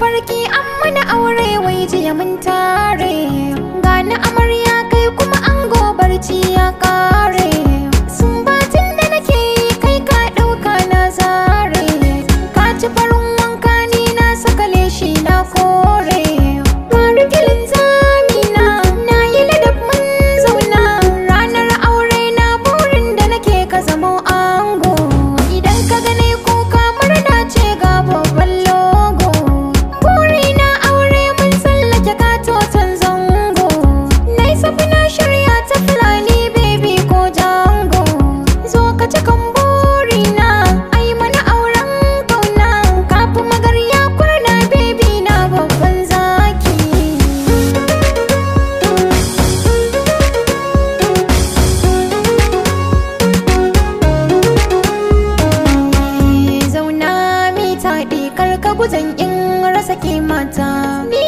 Barki an mana aure wai jiya mun tare I keep my tongue.